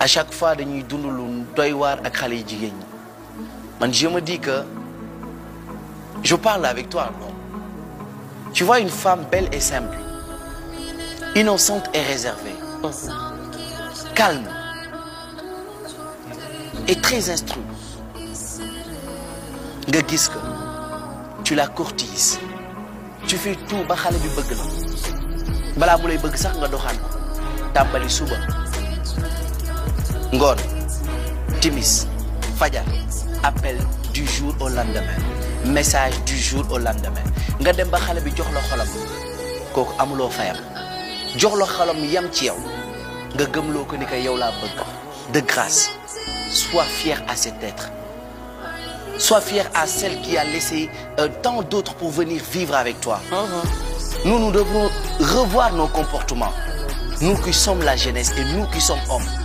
à chaque fois dañuy dund lu doy waar ak xale yu jigéen ñi man je me dis que je parle avec toi non tu vois une femme belle et simple innocente et réservée calme et très instruite nga gis que tu la courtises tu fais tout ba xale bi bëgg la balaa mu lay bëgg sax nga doxaan ko tàmbali suba ngoon timis fajar appel du jour au lendemain message du jour au lendemain nga dem ba xale bi jox la xolam kooku amuloo fayam jox la xolam yam ci yow nga loo ko ni ko yow laa bëgg de grâce sois fier à cet être sois fier à celle qui a laissé euh, tant d'autres pour venir vivre avec toi uh-huh. nous nous devons revoir nos comportements nous qui sommes la jeunesse et nous qui sommes hommes